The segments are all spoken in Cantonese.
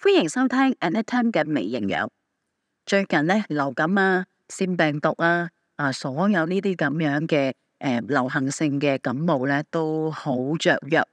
歡迎收聽《Annette Tam》嘅微營養。最近咧，流感啊、腺病毒啊、啊所有呢啲咁樣嘅誒、呃、流行性嘅感冒咧，都好著藥。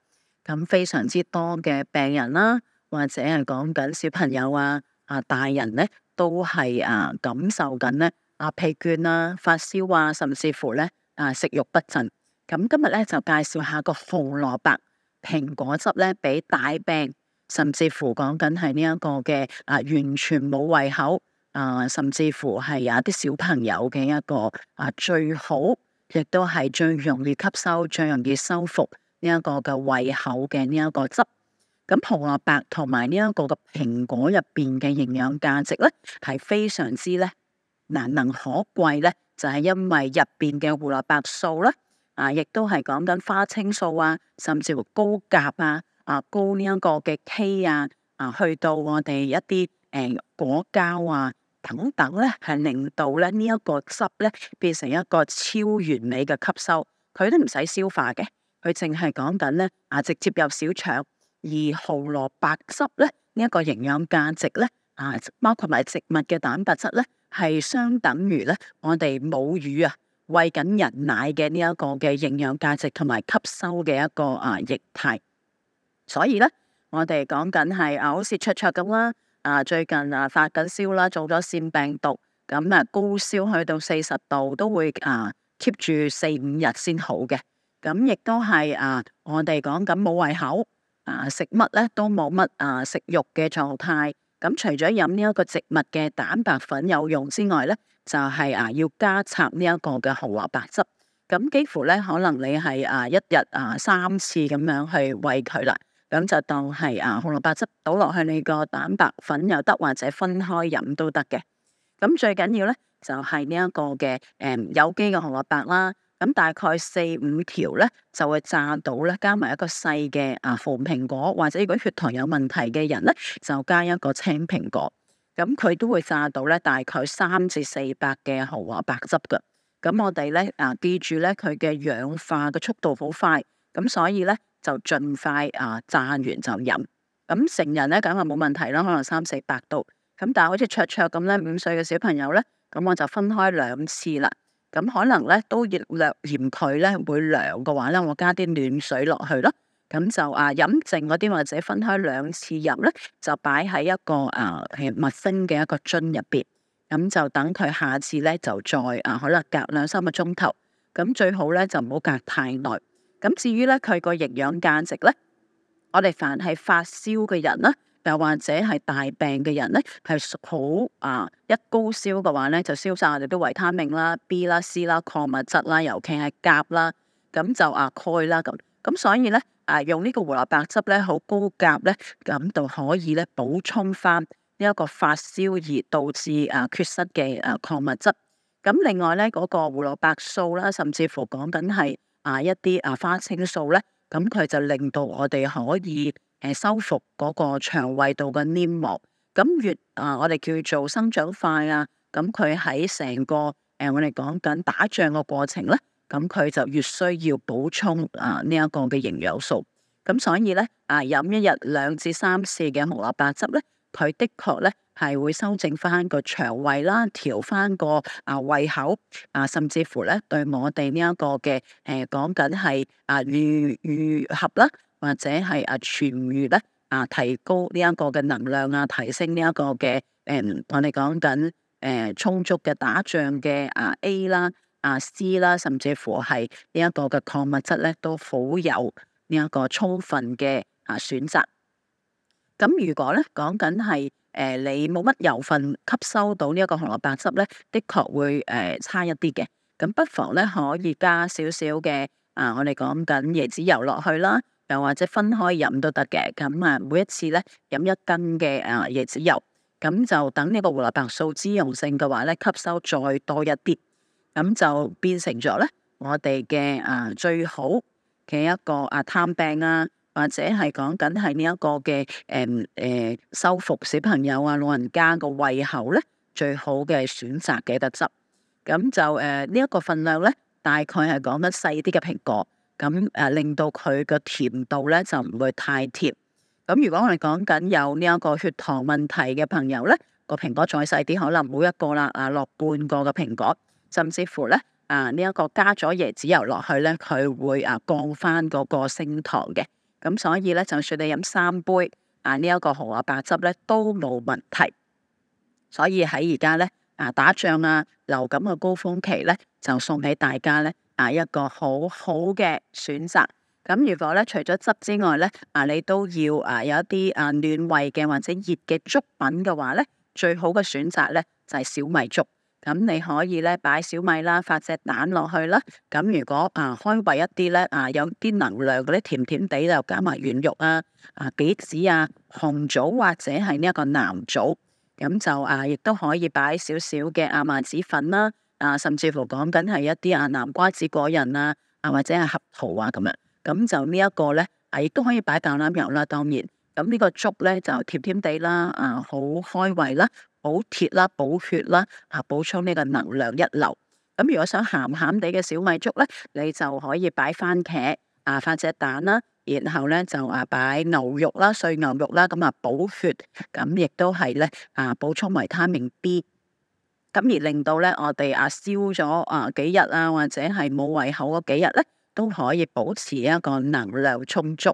咁非常之多嘅病人啦、啊，或者係講緊小朋友啊、啊大人咧，都係啊感受緊咧啊疲倦啊、發燒啊，甚至乎咧啊食欲不振。咁今日咧就介紹下個紅蘿蔔蘋果汁咧，俾大病。甚至乎講緊係呢一個嘅啊，完全冇胃口啊，甚至乎係有啲小朋友嘅一個啊最好，亦都係最容易吸收、最容易修復呢一個嘅胃口嘅呢一個汁。咁胡蘿蔔同埋呢一個嘅蘋果入邊嘅營養價值咧，係非常之咧難能可貴咧，就係因為入邊嘅胡蘿蔔素咧啊，亦都係講緊花青素啊，甚至乎高鉀啊。啊高呢一個嘅 K 啊啊，去到我哋一啲誒、欸、果膠啊等等咧，係令到咧呢一個汁咧變成一個超完美嘅吸收，佢都唔使消化嘅，佢淨係講緊咧啊直接入小腸。而紅蘿蔔汁咧呢一、這個營養價值咧啊，包括埋植物嘅蛋白質咧，係相等於咧我哋母乳啊喂緊人奶嘅呢一個嘅營養價值同埋吸收嘅一個啊液態。所以咧，我哋講緊係啊，好似「灼灼」咁啦，啊最近啊發緊燒啦，做咗腺病毒，咁啊高燒去到四十度都會啊 keep 住四五日先好嘅。咁亦都係啊，我哋講緊冇胃口，啊食物咧都冇乜啊食肉嘅狀態。咁、啊、除咗飲呢一個植物嘅蛋白粉有用之外咧，就係、是、啊要加插呢一個嘅豪華白汁。咁、啊、幾乎咧，可能你係啊一日啊三次咁樣去餵佢啦。咁就當係啊，紅蘿蔔汁倒落去你個蛋白粉又得，或者分開飲都得嘅。咁最緊要咧，就係呢一個嘅誒、嗯、有機嘅紅蘿蔔啦。咁大概四五條咧，就會榨到咧，加埋一個細嘅啊紅蘋果，或者如果血糖有問題嘅人咧，就加一個青蘋果。咁佢都會榨到咧，大概三至四百嘅紅蘿蔔汁嘅。咁我哋咧啊，記住咧，佢嘅氧化嘅速度好快，咁所以咧。就盡快啊！榨完就飲。咁成人咧，梗係冇問題啦，可能三四百度。咁但係好似卓卓咁咧，五歲嘅小朋友咧，咁我就分開兩次啦。咁可能咧都要略嫌佢咧會涼嘅話咧，我加啲暖水落去咯。咁就啊飲剩嗰啲，或者分開兩次入咧，就擺喺一個啊密封嘅一個樽入邊。咁就等佢下次咧，就再啊，可能隔兩三個鐘頭。咁最好咧，就唔好隔太耐。咁至於咧，佢個營養價值咧，我哋凡係發燒嘅人咧，又或者係大病嘅人咧，係好啊，一高燒嘅話咧，就燒晒我哋啲維他命啦、B 啦、C 啦、礦物質啦，尤其係鉀啦，咁就啊鈣啦，咁咁所以咧啊，用呢個胡蘿蔔汁咧，好高鉀咧，咁就可以咧補充翻呢一個發燒而導致啊缺失嘅啊礦物質。咁另外咧，嗰、那個胡蘿蔔素啦，甚至乎講緊係。啊！一啲啊花青素咧，咁佢就令到我哋可以誒修、啊、復嗰個腸胃道嘅黏膜。咁越啊，我哋叫做生長快啊，咁佢喺成個誒我哋講緊打仗嘅過程咧，咁佢就越需要補充啊呢一、這個嘅營養素。咁所以咧啊，飲一日兩至三次嘅紅蘿蔔汁咧，佢的確咧。係會修正翻個腸胃啦，調翻個啊胃口啊，甚至乎咧對我哋呢一個嘅誒、呃、講緊係啊愈愈合啦，或者係啊痊癒咧啊，提高呢一個嘅能量啊，提升呢一個嘅誒、嗯、我哋講緊誒、呃、充足嘅打仗嘅啊 A 啦啊 C 啦，甚至乎係呢一個嘅礦物質咧都好有呢一個充分嘅啊選擇。咁、嗯、如果咧講緊係。誒，你冇乜油份吸收到紅蘿呢一個紅蘿蔔汁咧，的確會誒、呃、差一啲嘅。咁不妨咧可以加少少嘅啊，我哋講緊椰子油落去啦，又或者分開飲都得嘅。咁啊，每一次咧飲一羹嘅啊椰子油，咁就等呢個胡蘿蔔素脂溶性嘅話咧吸收再多一啲，咁就變成咗咧我哋嘅啊最好嘅一個啊探病啦、啊。或者係講緊係呢一個嘅誒誒，修復小朋友啊老人家個胃口咧，最好嘅選擇嘅特質。咁就誒呢一個份量咧，大概係講得細啲嘅蘋果，咁誒、啊、令到佢個甜度咧就唔會太甜。咁如果我哋講緊有呢一個血糖問題嘅朋友咧，個蘋果再細啲，可能冇一個啦，啊落半個嘅蘋果，甚至乎咧啊呢一個加咗椰子油落去咧，佢會啊降翻嗰個升糖嘅。咁所以咧，就算你飲三杯啊，呢、這、一個荷葉白汁咧都冇問題。所以喺而家咧啊，打仗啊、流感嘅高峰期咧，就送俾大家咧啊一個好好嘅選擇。咁如果咧除咗汁之外咧啊，你都要啊有一啲啊暖胃嘅或者熱嘅粥品嘅話咧，最好嘅選擇咧就係、是、小米粥。咁你可以咧擺小米啦，發隻蛋落去啦。咁如果啊開胃一啲咧，啊有啲能量嗰啲甜甜地就加埋圓肉啊、啊杞子啊、紅棗或者係呢一個南棗，咁就啊亦都可以擺少少嘅亞麻籽粉啦，啊甚至乎講緊係一啲啊南瓜子果仁啊，啊或者係核桃啊咁樣。咁就呢一個咧啊，亦都可以擺橄欖油啦。當然，咁呢個粥咧就甜甜地啦，啊好開胃啦。補鐵啦、補血啦，啊補充呢個能量一流。咁如果想鹹鹹地嘅小米粥呢，你就可以擺番茄、啊番茄蛋啦、啊，然後呢就啊擺牛肉啦、碎牛肉啦，咁啊補血，咁、啊、亦都係呢，啊補充維他命 B，咁、啊、而令到呢，我哋啊燒咗啊幾日啊或者係冇胃口嗰幾日呢，都可以保持一個能量充足。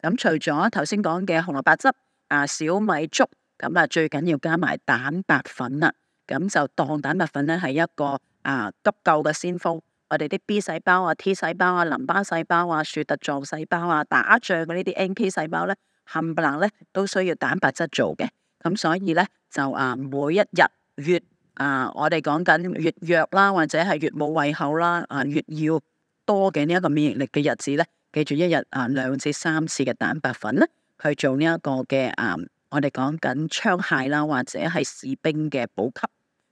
咁、啊、除咗頭先講嘅紅蘿蔔汁啊、小米粥。咁啊，最緊要加埋蛋白粉啦，咁就當蛋白粉咧係一個啊急救嘅先鋒。我哋啲 B 細胞啊、T 細胞啊、淋巴細胞啊、樹突狀細胞啊、打仗嘅呢啲 NK 細胞咧，冚唪唥咧都需要蛋白質做嘅。咁所以咧就啊，每一日越啊，我哋講緊越弱啦，或者係越冇胃口啦，啊越要多嘅呢一個免疫力嘅日子咧，記住一日啊兩至三次嘅蛋白粉咧，去做呢一個嘅啊。我哋講緊槍械啦，或者係士兵嘅補給。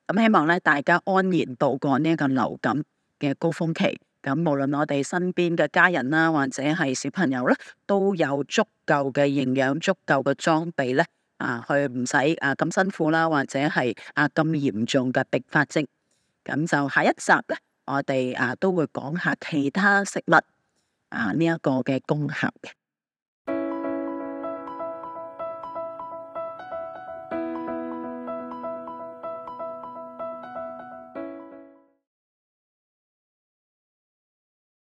咁希望咧，大家安然度過呢一個流感嘅高峰期。咁無論我哋身邊嘅家人啦，或者係小朋友啦，都有足夠嘅營養，足夠嘅裝備咧，啊，去唔使啊咁辛苦啦，或者係啊咁嚴重嘅併發症。咁就下一集咧，我哋啊都會講下其他食物啊呢一個嘅功效嘅。